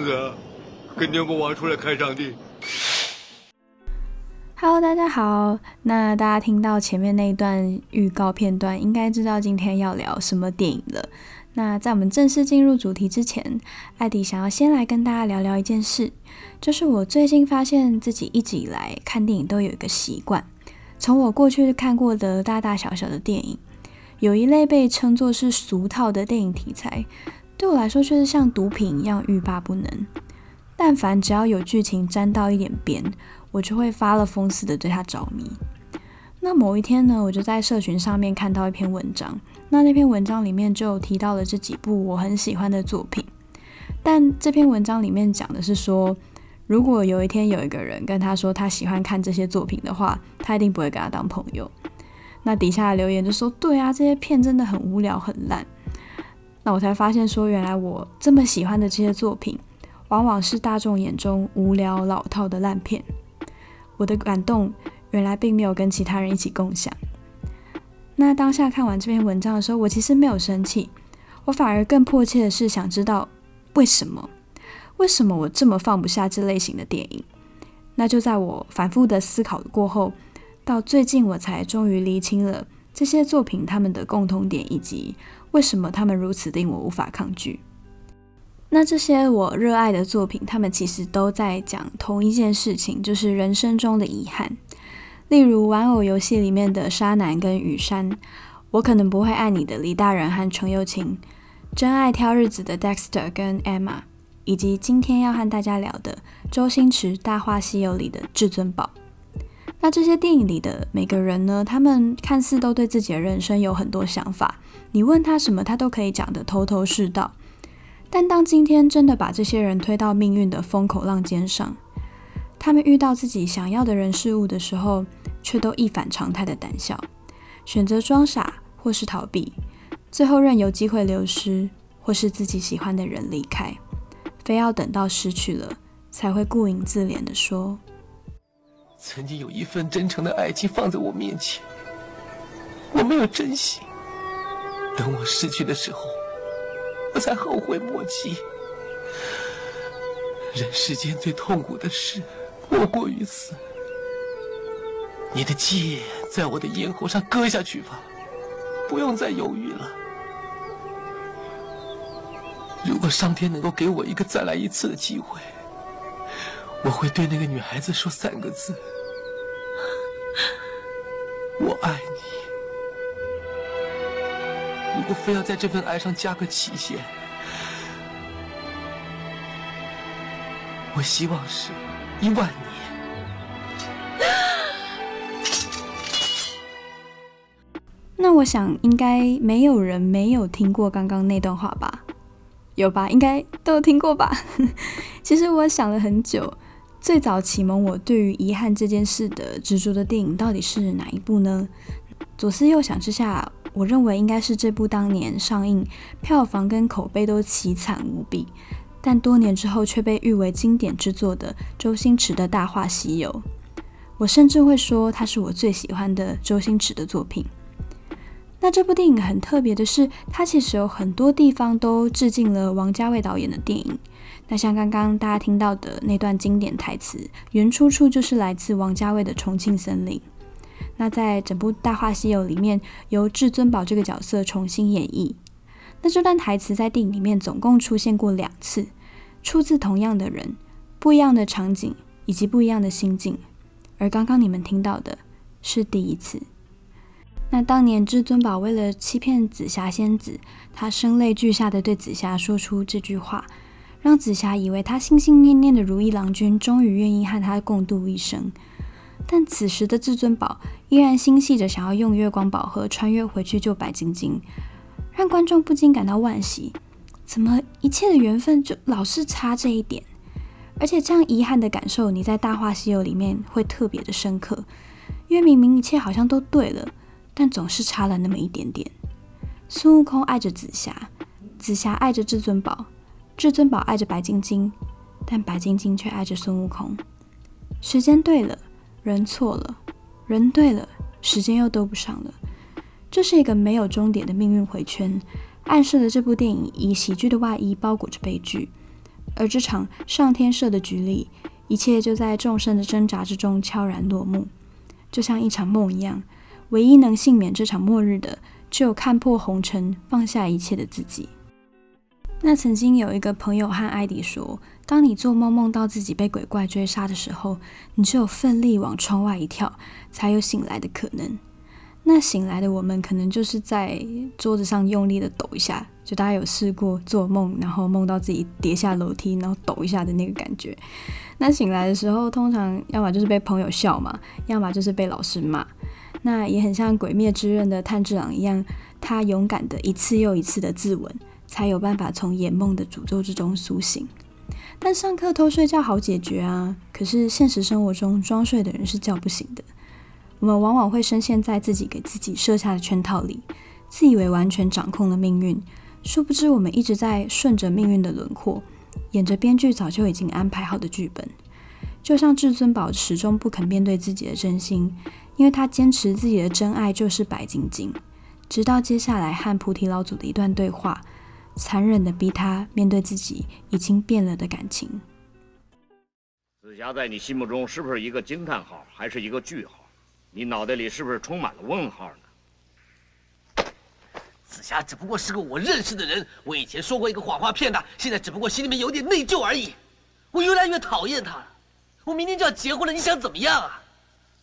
王跟牛魔王出來看上帝。Hello，大家好。那大家聽到前面那一段預告片段，應該知道今天要聊什麼電影了。那在我們正式進入主題之前，艾迪想要先來跟大家聊聊一件事，就是我最近發現自己一直以來看電影都有一個習慣，從我過去看過的大大小小的電影，有一類被稱作是俗套的電影題材。對我來說，卻是像毒品一樣慾罷不能。但凡只要有劇情沾到一點邊，我就會發了瘋似的對他着迷。那某一天呢，我就在社群上面看到一篇文章。那那篇文章裡面就提到了這幾部我很喜歡的作品。但這篇文章裡面講的是說，如果有一天有一個人跟他說他喜歡看這些作品的話，他一定不會跟他當朋友。那底下的留言就說：“對啊，這些片真的很無聊，很爛。”那我才發現，說原來我這麼喜歡的這些作品，往往是大眾眼中無聊老套的爛片。我的感動原來並沒有跟其他人一起共享。那當下看完這篇文章的時候，我其實沒有生氣，我反而更迫切的是想知道為什麼？為什麼我這麼放不下這類型的電影？那就在我反覆的思考過後，到最近我才終於理清了這些作品他們的共同點以及。為什麼他們如此令我無法抗拒？那這些我熱愛的作品，他們其實都在講同一件事情，就是人生中的遺憾。例如《玩偶遊戲》裡面的紗南跟羽山，《我可能不會愛你》的李大仁和程又青，《真愛挑日子》的 Dexter 跟 Emma，以及今天要和大家聊的周星馳《大話西遊》裡的至尊寶。那這些電影裡的每個人呢，他們看似都對自己的人生有很多想法，你問他什麼，他都可以講得頭頭是道。但當今天真的把這些人推到命運的風口浪尖上，他們遇到自己想要的人事物的時候，卻都一反常態的膽小，選擇裝傻或是逃避，最後任由機會流失或是自己喜歡的人離開，非要等到失去了，才會顧影自憐的說。曾經有一份真誠的愛情放在我面前，我沒有珍惜。等我失去的時候，我才後悔莫及。人世間最痛苦的事莫過於此。你的劍在我的咽喉上割下去吧，不用再猶豫了。如果上天能夠給我一個再來一次的機會，我會對那個女孩子說三個字。我愛你。如果非要在這份愛上加個期限，我希望是一萬年。那我想，應該沒有人沒有聽過剛剛那段話吧？有吧？應該都聽過吧？ 其實我想了很久。最早啟蒙我對於遺憾這件事的執着的電影到底是哪一部呢？左思右想之下，我認為應該是這部當年上映、票房跟口碑都淒慘無比，但多年之後卻被譽為經典之作的周星馳的《大話西遊》。我甚至會說，它是我最喜歡的周星馳的作品。那這部電影很特別的是，它其實有很多地方都致敬了王家衛導演的電影。那像剛剛大家聽到的那段經典台詞，原出處就是來自王家衛的《重慶森林》。那在整部《大話西遊》裡面，由至尊寶這個角色重新演繹。那這段台詞在電影裡面總共出現過兩次，出自同樣的人，不一樣的場景以及不一樣的心境。而剛剛你們聽到的是第一次。那當年至尊寶為了欺騙紫霞仙子，他聲淚俱下的對紫霞說出這句話，讓紫霞以為他心心念念的如意郎君終於願意和他共度一生。但此時的至尊寶依然心繫着想要用月光寶盒穿越回去救白晶晶，讓觀眾不禁感到惋惜。怎麼一切的緣分就老是差這一點？而且這樣遺憾的感受，你在《大話西遊》裡面會特別的深刻，因為明明一切好像都對了，但總是差了那麼一點點。孫悟空愛着紫霞，紫霞愛着至尊寶，至尊寶愛着白晶晶，但白晶晶卻愛着孫悟空。時間對了，人錯了；人對了，時間又兜不上了。這是一個沒有終點的命運回圈，暗示了這部電影以喜劇的外衣包裹着悲劇。而這場上天設的局裡，一切就在眾生的掙扎之中悄然落幕，就像一場夢一樣。唯一能幸免這場末日的，只有看破紅塵、放下一切的自己。那曾經有一個朋友和艾迪說：“當你做夢夢到自己被鬼怪追殺的時候，你只有奮力往窗外一跳，才有醒來的可能。那醒來的我們，可能就是在桌子上用力的抖一下，就大家有試過做夢，然後夢到自己跌下樓梯，然後抖一下的那個感覺。那醒來的時候，通常要麼就是被朋友笑嘛，要麼就是被老師罵。”那也很像《鬼滅之刃》的炭治郎一樣，他勇敢的一次又一次的自刎，才有辦法從魘夢的詛咒之中甦醒。但上課偷睡覺好解決啊，可是現實生活中裝睡的人是叫不醒的。我們往往會深陷在自己給自己設下的圈套裡，自以為完全掌控了命運，殊不知我們一直在順着命運的輪廓，演着編劇早就已經安排好的劇本。就像至尊寶始終不肯面對自己的真心。因為他堅持自己的真愛就是白晶晶，直到接下來和菩提老祖的一段對話，殘忍地逼他面對自己已經變了的感情。紫霞在你心目中是不是一個驚嘆號，還是一個句號？你腦袋裡是不是充滿了問號呢？紫霞只不過是個我認識的人，我以前說過一個謊話騙她，現在只不過心裡面有點內疚而已。我越來越討厭她了，我明天就要結婚了，你想怎麼樣啊？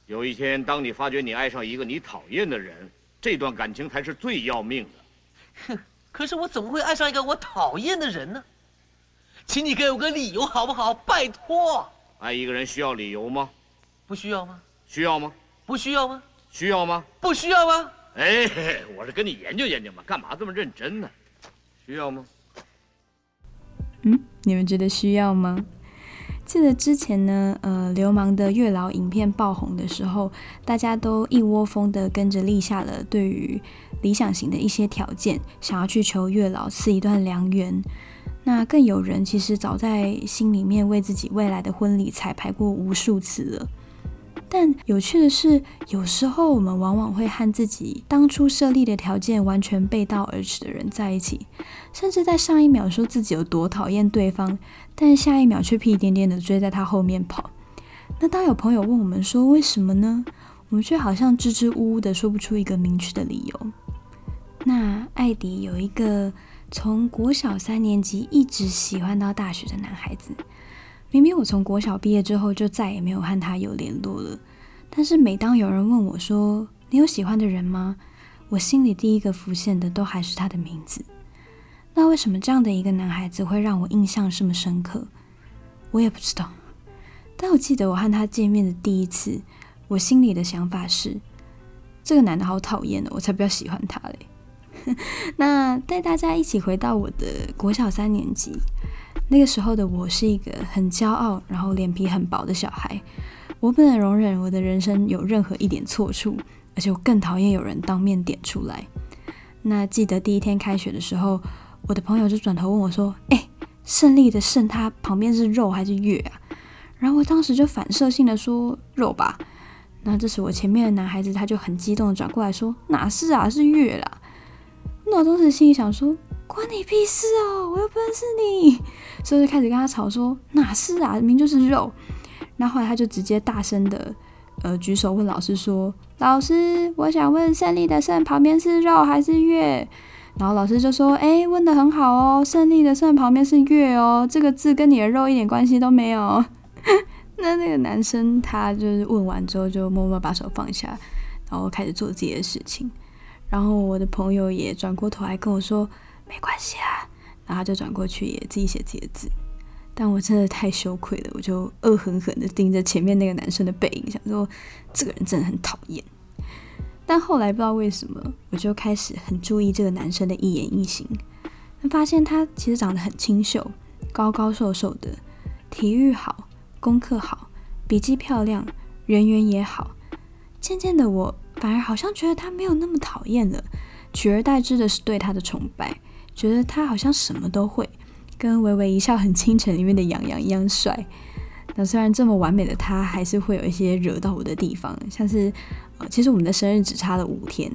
有一天，當你發覺你愛上一個你討厭的人，這段感情才是最要命的。哼，可是我怎麼會愛上一個我討厭的人呢？請你給我個理由好不好？拜託。愛一個人需要理由嗎？不需要嗎？需要嗎？不需要嗎？需要嗎？不需要嗎？哎，我是跟你研究研究嘛，幹嘛這麼認真呢？需要嗎？嗯，你們覺得需要嗎？記得之前呢，呃，流氓的月老影片爆紅的時候，大家都一窩蜂的跟着立下了對於理想型的一些條件，想要去求月老賜一段良緣。那更有人其實早在心裡面為自己未來的婚禮彩排過無數次了。但有趣的是，有時候我們往往會和自己當初設立的條件完全背道而馳的人在一起，甚至在上一秒說自己有多討厭對方。但下一秒卻屁顛顛地追在他後面跑。那當有朋友問我們說為什麼呢？我們卻好像支支吾吾地說不出一個明確的理由。那艾迪有一個從國小三年級一直喜歡到大學的男孩子。明明我從國小畢業之後就再也沒有和他有聯絡了，但是每當有人問我說，你有喜歡的人嗎？我心裡第一個浮現的都還是他的名字。那為什麼這樣的一個男孩子會讓我印象這麼深刻？我也不知道。但我記得我和他見面的第一次，我心裡的想法是：這個男的好討厭哦，我才不要喜歡他嘞。 那帶大家一起回到我的國小三年級，那個時候的我是一個很驕傲，然後臉皮很薄的小孩。我不能容忍我的人生有任何一點錯處，而且我更討厭有人當面點出來。那記得第一天開學的時候，我的朋友就轉頭問我說：“誒，勝利的勝，他旁邊是肉還是月啊？”然後我當時就反射性的說：“肉吧。”那這時我前面的男孩子他就很激動的轉過來說：“哪是啊，是月了。”那我當時心裡想說：“關你屁事哦，我又不認識你。”所以就開始跟他吵說：“哪是啊，明明就是肉。”那後來他就直接大聲的呃舉手問老師說：“老師，我想問勝利的勝旁邊是肉還是月？”然後老師就說：“誒，問得很好哦，勝利的勝旁邊是月哦，這個字跟你的肉一點關係都沒有。 ”那那個男生他就是問完之後就默默把手放下，然後開始做自己的事情。然後我的朋友也轉過頭來跟我說：“沒關係啊。”然後他就轉過去也自己寫自己的字。但我真的太羞愧了，我就惡狠狠地盯着前面那個男生的背影，想說這個人真的很討厭。但後來不知道為什麼，我就開始很注意這個男生的一言一行，發現他其實長得很清秀，高高瘦瘦的，體育好，功課好，筆記漂亮，人緣也好。漸漸的我，我反而好像覺得他沒有那麼討厭了，取而代之的是對他的崇拜，覺得他好像什麼都會，跟《微微一笑很傾城》裡面的楊洋一樣帥。那雖然這麼完美的他，還是會有一些惹到我的地方，像是，其實我們的生日只差了五天。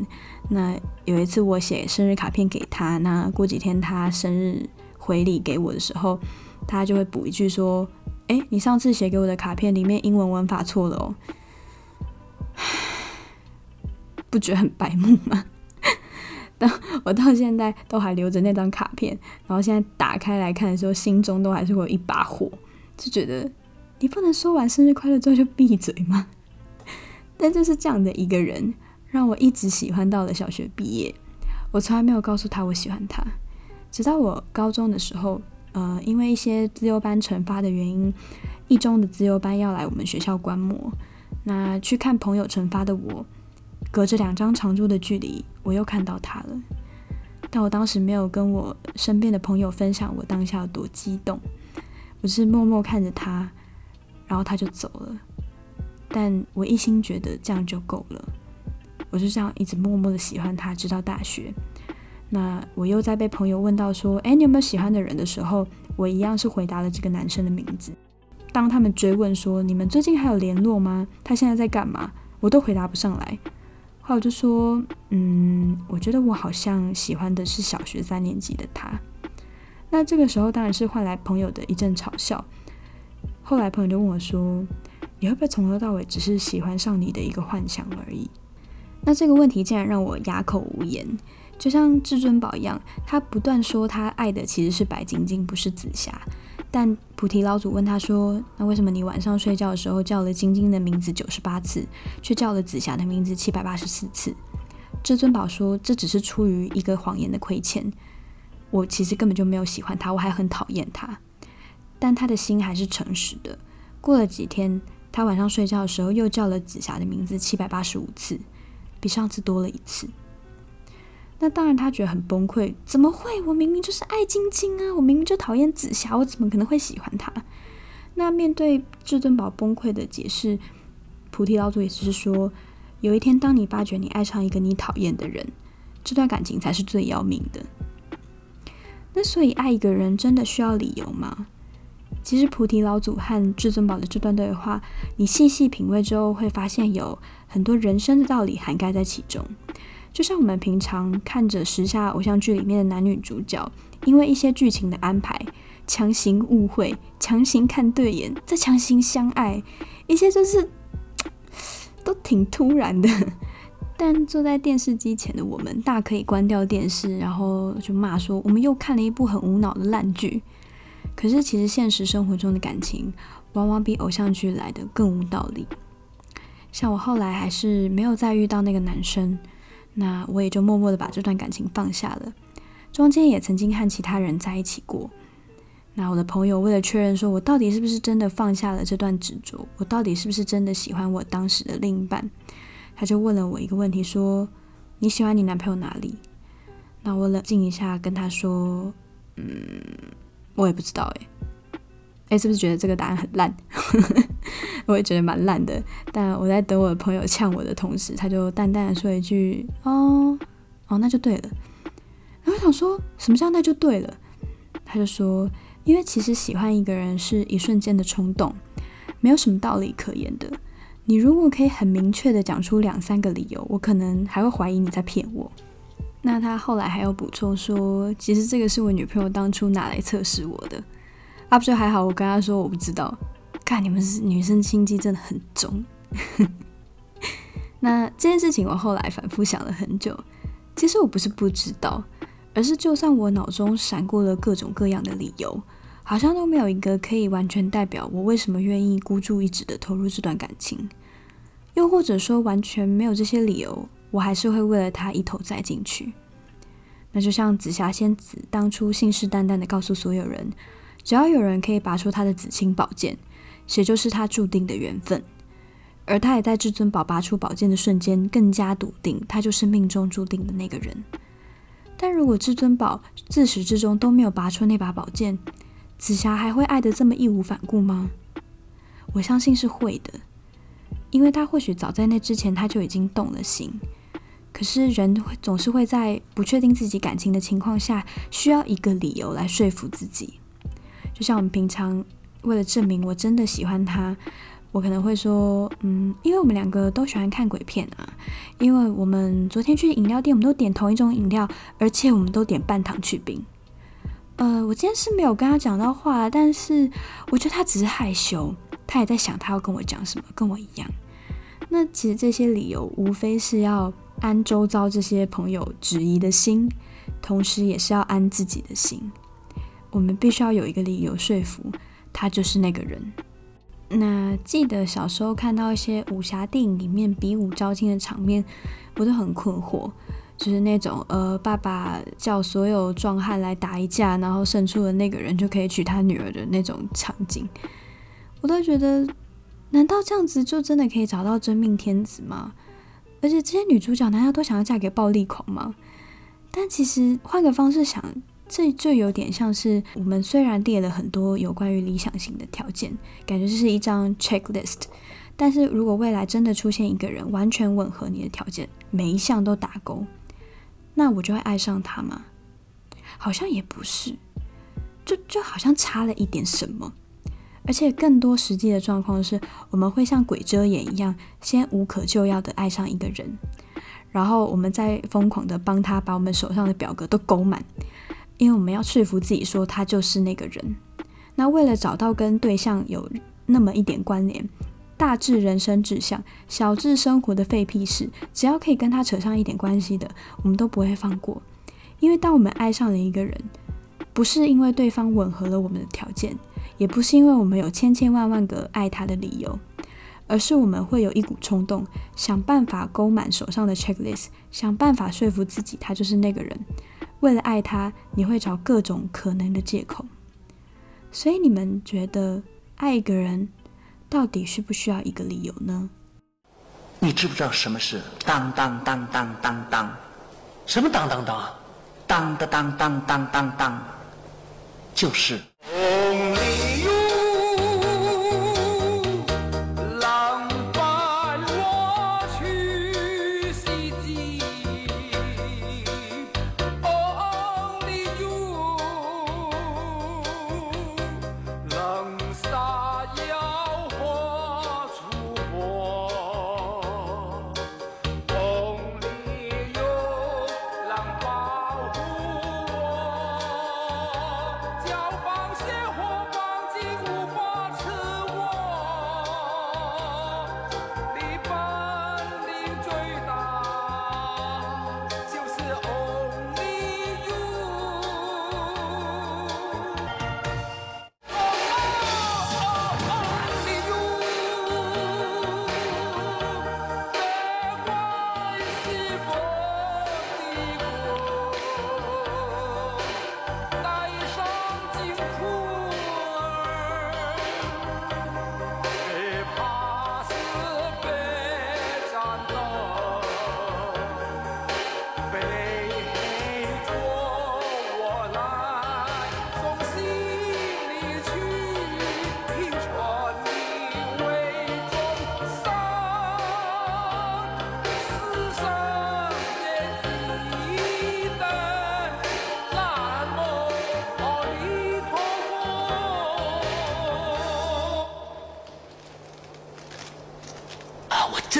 那有一次我寫生日卡片給他，那過幾天他生日回禮給我的時候，他就會補一句說：“欸，你上次寫給我的卡片裡面英文文法錯了喔。”不覺得很白目嗎？ 但我到現在都還留着那張卡片，然後現在打開來看的時候，心中都還是會有一把火，就覺得。你不能說完生日快樂之後就閉嘴嗎？ 但就是這樣的一個人，讓我一直喜歡到了小學畢業。我從來沒有告訴他我喜歡他，直到我高中的時候，呃，因為一些資優班成發的原因，一中的資優班要來我們學校觀摩。那去看朋友成發的我，隔着兩張長桌的距離，我又看到他了。但我當時沒有跟我身邊的朋友分享我當下有多激動，我是默默看着他。然後他就走了，但我一心覺得這樣就夠了，我就這樣一直默默的喜歡他，直到大學。那我又在被朋友問到說：“哎，你有沒有喜歡的人？”的時候，我一樣是回答了這個男生的名字。當他們追問說：“你們最近還有聯絡嗎？他現在在幹嘛？”我都回答不上來，後來我就說：“嗯，我覺得我好像喜歡的是小學三年級的他。”那這個時候當然是換來朋友的一陣嘲笑。後來朋友就問我說：“你會不會從頭到尾只是喜歡上你的一個幻想而已？”那這個問題竟然讓我啞口無言，就像至尊寶一樣，他不斷說他愛的其實是白晶晶，不是紫霞。但菩提老祖問他說：“那為什麼你晚上睡覺的時候叫了晶晶的名字九十八次，卻叫了紫霞的名字七百八十四次？”至尊寶說：“這只是出於一個謊言的虧欠，我其實根本就沒有喜歡他，我還很討厭他。”但他的心還是誠實的。過了幾天，他晚上睡覺的時候又叫了紫霞的名字七百八十五次，比上次多了一次。那當然，他覺得很崩潰。怎麼會？我明明就是愛晶晶啊！我明明就討厭紫霞，我怎麼可能會喜歡她？那面對至尊寶崩潰的解釋，菩提老祖也只是說：有一天，當你發覺你愛上一個你討厭的人，這段感情才是最要命的。那所以，愛一個人真的需要理由嗎？其實菩提老祖和至尊寶的這段對話，你細細品味之後，會發現有很多人生的道理涵蓋在其中。就像我們平常看着時下偶像劇裡面的男女主角，因為一些劇情的安排，強行誤會，強行看對眼，再強行相愛，一些真、就是都挺突然的。但坐在電視機前的我們，大可以關掉電視，然後就罵說：我們又看了一部很無腦的爛劇。可是，其實現實生活中的感情，往往比偶像劇來的更無道理。像我後來還是沒有再遇到那個男生，那我也就默默的把這段感情放下了。中間也曾經和其他人在一起過。那我的朋友為了確認說我到底是不是真的放下了這段執着，我到底是不是真的喜歡我當時的另一半，他就問了我一個問題說：“你喜歡你男朋友哪裡？”那我冷靜一下跟他說：“嗯。”我也不知道誒、欸、誒、欸，是不是覺得這個答案很爛？ 我也覺得蠻爛的。但我在等我的朋友嗆我的同時，他就淡淡的說一句：“哦，哦，那就對了。”然後我想說什麼叫那就對了？他就說：“因為其實喜歡一個人是一瞬間的衝動，沒有什麼道理可言的。你如果可以很明確的講出兩三個理由，我可能還會懷疑你在騙我。”那他後來還要補充說，其實這個是我女朋友當初拿來測試我的。啊、就還好，我跟他說我不知道。看你們是女生心機真的很重。 那這件事情我後來反覆想了很久，其實我不是不知道，而是就算我腦中閃過了各種各樣的理由，好像都沒有一個可以完全代表我為什麼願意孤注一擲的投入這段感情，又或者說完全沒有這些理由。我還是會為了他一頭栽進去。那就像紫霞仙子當初信誓旦旦地告訴所有人，只要有人可以拔出他的紫青寶劍，誰就是他注定的緣分。而他也在至尊寶拔出寶劍的瞬間，更加篤定他就是命中注定的那個人。但如果至尊寶自始至終都沒有拔出那把寶劍，紫霞還會愛得這麼義無反顧嗎？我相信是會的，因為他或許早在那之前，他就已經動了心。可是人會總是會在不確定自己感情的情況下，需要一個理由來說服自己。就像我們平常為了證明我真的喜歡他，我可能會說，嗯，因為我們兩個都喜歡看鬼片啊，因為我們昨天去飲料店，我們都點同一種飲料，而且我們都點半糖去冰。呃，我今天是沒有跟他講到話，但是我覺得他只是害羞，他也在想他要跟我講什麼，跟我一樣。那其實這些理由無非是要。安周遭這些朋友質疑的心，同時也是要安自己的心。我們必須要有一個理由說服他就是那個人。那記得小時候看到一些武俠電影裡面比武招親的場面，我都很困惑，就是那種呃，爸爸叫所有壯漢來打一架，然後勝出的那個人就可以娶他女兒的那種場景。我都覺得，難道這樣子就真的可以找到真命天子嗎？而且這些女主角，難道都想要嫁給暴力狂嗎？但其實換個方式想，這就有點像是我們雖然列了很多有關於理想型的條件，感覺這是一張 checklist。但是如果未來真的出現一個人完全吻合你的條件，每一項都打勾，那我就會愛上他嗎？好像也不是，就就好像差了一點什麼。而且更多實際的狀況是，我們會像鬼遮眼一樣，先無可救藥地愛上一個人，然後我們再瘋狂地幫他把我們手上的表格都勾滿，因為我們要說服自己說他就是那個人。那為了找到跟對象有那麼一點關聯，大至人生志向，小至生活的廢屁事，只要可以跟他扯上一點關係的，我們都不會放過。因為當我們愛上了一個人，不是因為對方吻合了我們的條件。也不是因為我們有千千萬萬個愛他的理由，而是我們會有一股衝動，想辦法勾滿手上的 checklist，想辦法說服自己他就是那個人。為了愛他，你會找各種可能的借口。所以你們覺得愛一個人，到底需不需要一個理由呢？你知不知道什麼是當當當當當當？什麼當當當啊？當當當當當當當，就是。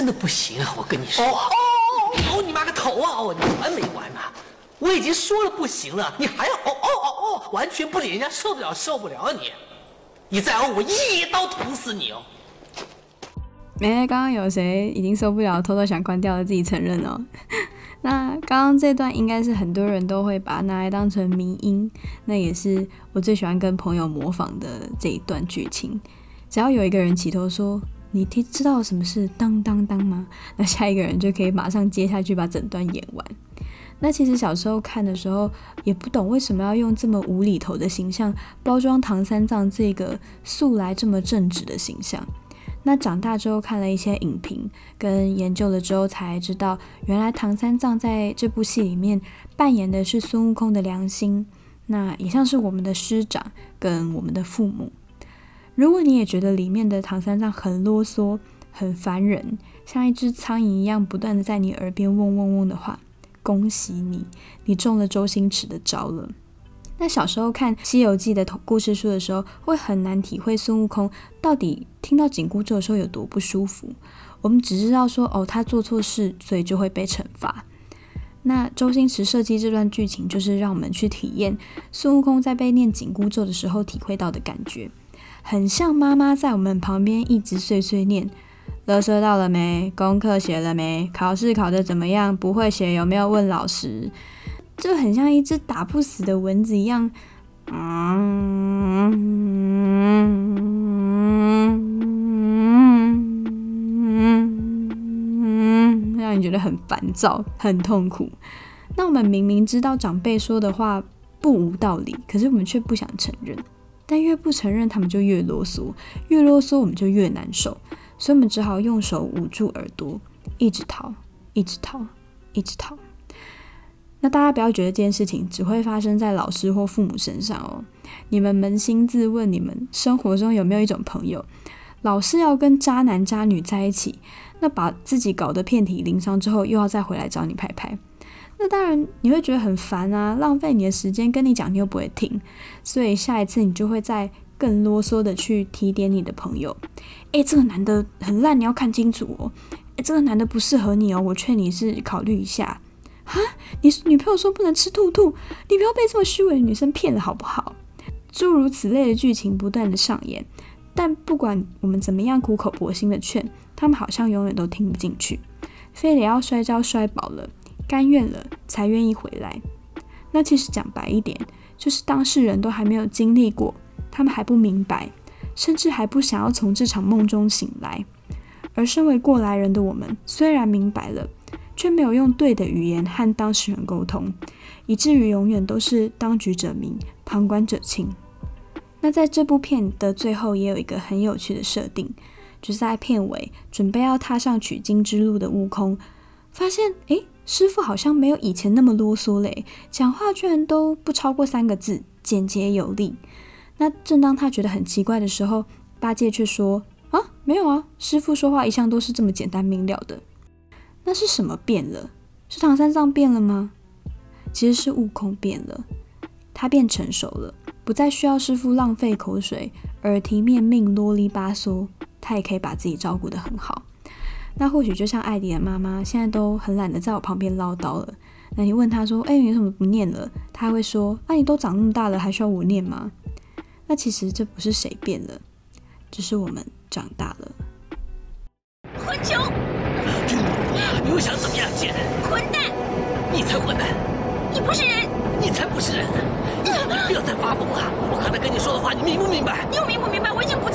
這不行啊，我跟你說，哦哦、oh, oh, oh, oh, oh, 你媽個頭啊！哦、oh,，你完沒完呢、啊？我已經說了不行了，你還要哦哦哦哦！Oh, oh, oh, oh, 完全不理人家，受不了受不了你！你再哦，oh, 我，一刀捅死你哦！誒，剛剛有誰已經受不了，偷偷想關掉了，自己承認哦。 那剛剛這段應該是很多人都會把拿來當成迷因，那也是我最喜歡跟朋友模仿的這一段劇情。只要有一個人起頭說。你聽知道什麼是噹噹噹嗎？那下一個人就可以馬上接下去把整段演完。那其實小時候看的時候也不懂為什麼要用這麼無厘頭的形象包裝唐三藏這個素來這麼正直的形象。那長大之後看了一些影評跟研究了之後才知道，原來唐三藏在這部戲裡面扮演的是孫悟空的良心，那也像是我們的師長跟我們的父母。如果你也覺得裡面的唐三藏很囉嗦、很煩人，像一隻蒼蠅一樣不斷的在你耳邊嗡嗡嗡的話，恭喜你，你中了周星馳的招了。那小時候看《西遊記》的故事書的時候，會很難體會孫悟空到底聽到緊箍咒的時候有多不舒服。我們只知道說，哦，他做錯事，所以就會被懲罰。那周星馳設計這段劇情，就是讓我們去體驗孫悟空在被念緊箍咒的時候體會到的感覺。很像媽媽在我們旁邊一直碎碎念，垃圾倒了沒？功課寫了沒？考試考得怎麼樣？不會寫有沒有問老師？就很像一隻打不死的蚊子一樣，嗯，嗯嗯嗯嗯嗯，讓你覺得很煩躁、很痛苦。那我們明明知道長輩說的話不無道理，可是我們卻不想承認。但越不承認，他們就越囉嗦，越囉嗦我們就越難受，所以我們只好用手捂住耳朵，一直逃，一直逃，一直逃。那大家不要覺得這件事情只會發生在老師或父母身上哦，你們捫心自問，你們生活中有沒有一種朋友，老是要跟渣男渣女在一起，那把自己搞得遍體鱗傷之後，又要再回來找你拍拍？那當然，你會覺得很煩啊，浪費你的時間，跟你講你又不會聽，所以下一次你就會再更囉嗦的去提點你的朋友。誒，這個男的很爛，你要看清楚哦。誒，這個男的不適合你哦，我勸你是考慮一下。啊。你女朋友說不能吃兔兔，你不要被這麼虛偽的女生騙了好不好？諸如此類的劇情不斷的上演，但不管我們怎麼樣苦口婆心的勸，他們好像永遠都聽不進去，非得要摔跤摔飽了。甘願了才願意回來，那其實講白一點，就是當事人都還沒有經歷過，他們還不明白，甚至還不想要從這場夢中醒來。而身為過來人的我們，雖然明白了，卻沒有用對的語言和當事人溝通，以至於永遠都是當局者迷，旁觀者清。那在這部片的最後，也有一個很有趣的設定，就是在片尾準備要踏上取經之路的悟空，發現哎。誒師傅好像沒有以前那麼囉嗦嘞，講話居然都不超過三個字，簡潔有力。那正當他覺得很奇怪的時候，八戒卻說：“啊，沒有啊，師傅說話一向都是這麼簡單明了的。”那是什麼變了？是唐三藏變了嗎？其實是悟空變了，他變成熟了，不再需要師傅浪費口水、耳提面命、囉里吧嗦，他也可以把自己照顧得很好。那或許就像艾迪的媽媽，現在都很懶得在我旁邊嘮叨了。那你問他說：“哎，你怎麼不念了？”他還會說：“啊，你都長那麼大了，還需要我念嗎？”那其實這不是誰變了，只是我們長大了。混球！你又想怎麼樣，姐，混蛋！你才混蛋！你不是人！你才不是人！你不要再發瘋了、啊！我剛才跟你說的話，你明不明白？你又明不明白？我已經不……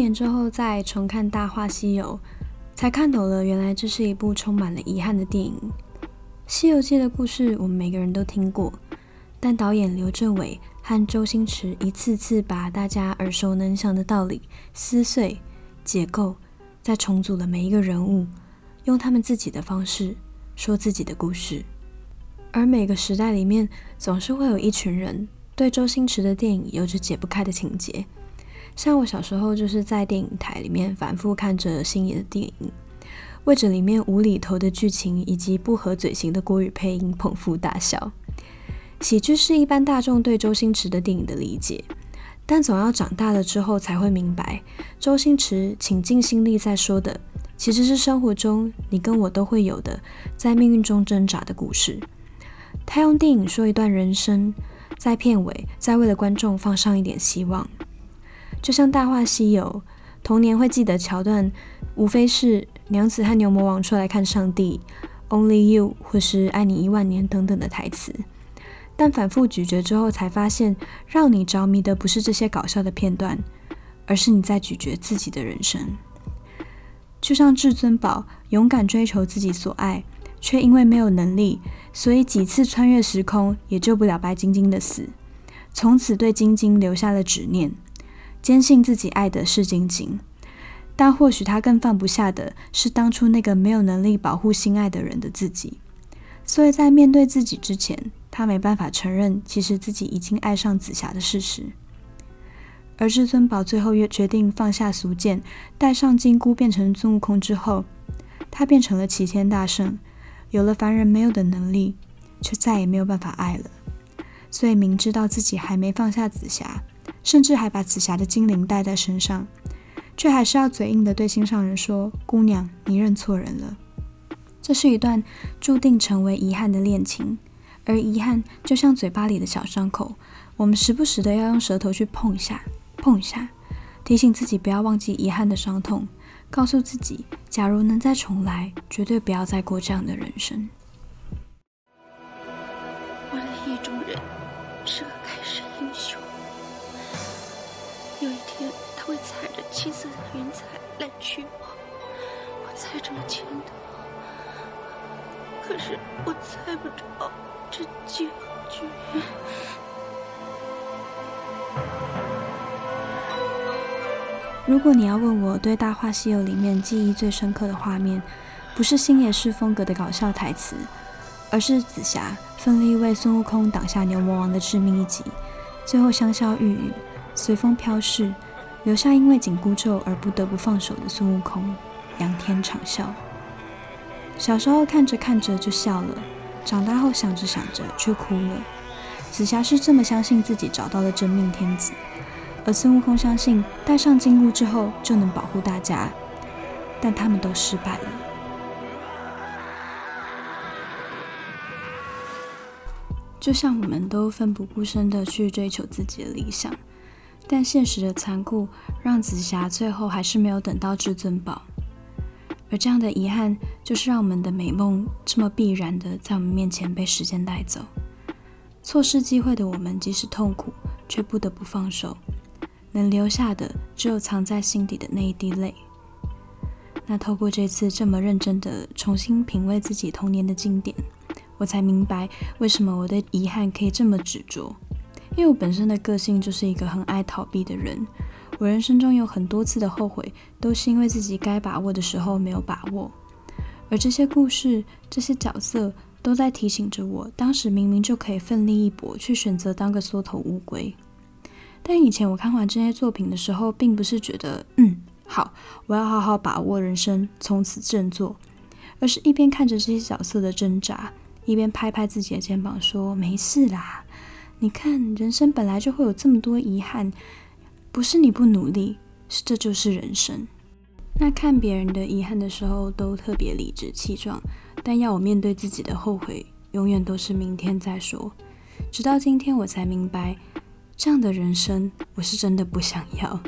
年之後再重看《大話西遊》，才看懂了，原來這是一部充滿了遺憾的電影。《西遊記》的故事我們每個人都聽過，但導演劉鎮偉和周星馳一次次把大家耳熟能詳的道理撕碎、解構，再重組了每一個人物，用他們自己的方式說自己的故事。而每個時代裡面，總是會有一群人對周星馳的電影有着解不開的情結。像我小時候就是在電影台裡面反覆看着星爺的電影，為着裡面無厘頭的劇情以及不合嘴型的國語配音捧腹大笑。喜劇是一般大眾對周星馳的電影的理解，但總要長大了之後才會明白，周星馳傾盡心力在說的，其實是生活中你跟我都會有的，在命運中掙扎的故事。他用電影說一段人生，在片尾再為了觀眾放上一點希望。就像《大話西遊》，童年會記得橋段，無非是娘子和牛魔王出來看上帝，Only You，或是愛你一萬年等等的台詞。但反覆咀嚼之後，才發現讓你着迷的不是這些搞笑的片段，而是你在咀嚼自己的人生。就像至尊寶，勇敢追求自己所愛，卻因為沒有能力，所以幾次穿越時空也救不了白晶晶的死，從此對晶晶留下了執念。堅信自己愛的是晶晶，但或許他更放不下的是當初那個沒有能力保護心愛的人的自己。所以在面對自己之前，他沒辦法承認其實自己已經愛上紫霞的事實。而至尊寶最後也決定放下俗見，戴上金箍變成孫悟空之後，他變成了齊天大聖，有了凡人沒有的能力，卻再也沒有辦法愛了。所以明知道自己還沒放下紫霞。甚至還把紫霞的精靈帶在身上，卻還是要嘴硬的對心上人說：“姑娘，你認錯人了。”這是一段注定成為遺憾的戀情，而遺憾就像嘴巴裡的小傷口，我們時不時的要用舌頭去碰一下、碰一下，提醒自己不要忘記遺憾的傷痛，告訴自己，假如能再重來，絕對不要再過這樣的人生。猜這麼簡單？可是我猜不着這結局。如果你要問我對《大話西遊》裡面記憶最深刻的畫面，不是星爺式風格的搞笑台詞，而是紫霞奮力為孫悟空擋下牛魔王的致命一擊，最後香消玉殞，隨風飄逝，留下因為緊箍咒而不得不放手的孫悟空仰天長嘯。小時候看着看着就笑了，長大後想着想着卻哭了。紫霞是這麼相信自己找到了真命天子，而孫悟空相信戴上金箍之後就能保護大家，但他們都失敗了。就像我們都奮不顧身的去追求自己的理想，但現實的殘酷讓紫霞最後還是沒有等到至尊寶。而這樣的遺憾，就是讓我們的美夢這麼必然的在我們面前被時間帶走。錯失機會的我們，即使痛苦，卻不得不放手。能留下的，只有藏在心底的那一滴淚。那透過這次這麼認真的重新品味自己童年的經典，我才明白為什麼我的遺憾可以這麼執着。因為我本身的個性就是一個很愛逃避的人。我人生中有很多次的後悔，都是因為自己該把握的時候沒有把握，而這些故事、這些角色都在提醒着我，當時明明就可以奮力一搏，卻選擇當個縮頭烏龜。但以前我看完這些作品的時候，並不是覺得“嗯，好，我要好好把握人生，從此振作”，而是一邊看着這些角色的掙扎，一邊拍拍自己的肩膀說：“沒事啦，你看，人生本來就會有這麼多遺憾。”不是你不努力，是這就是人生。那看別人的遺憾的時候都特別理直氣壯，但要我面對自己的後悔，永遠都是明天再說。直到今天我才明白，這樣的人生我是真的不想要。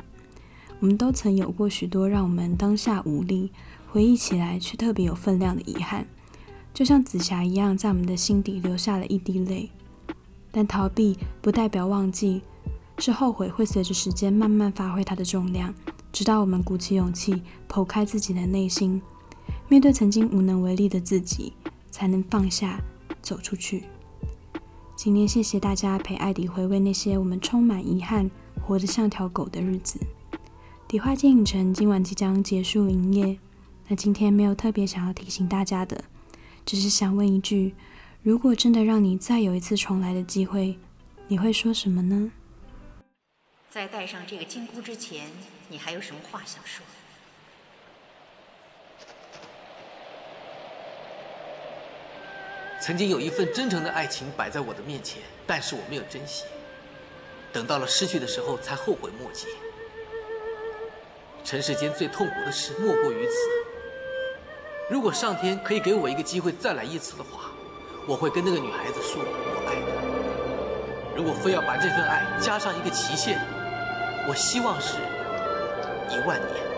我們都曾有過許多讓我們當下無力，回憶起來卻特別有分量的遺憾，就像紫霞一樣，在我們的心底留下了一滴淚。但逃避不代表忘記。是後悔會隨着時間慢慢發揮它的重量，直到我們鼓起勇氣剖開自己的內心，面對曾經無能為力的自己，才能放下，走出去。今天謝謝大家陪艾迪回味那些我們充滿遺憾、活得像條狗的日子。迪話街影城今晚即將結束營業，那今天沒有特別想要提醒大家的，只是想問一句：如果真的讓你再有一次重來的機會，你會說什麼呢？在戴上這個金箍之前，你還有什麼話想說？曾經有一份真誠的愛情擺在我的面前，但是我沒有珍惜，等到了失去的時候才後悔莫及。塵世間最痛苦的事莫過於此。如果上天可以給我一個機會再來一次的話，我會跟那個女孩子說我愛她。如果非要把這份愛加上一個期限。我希望是一萬年。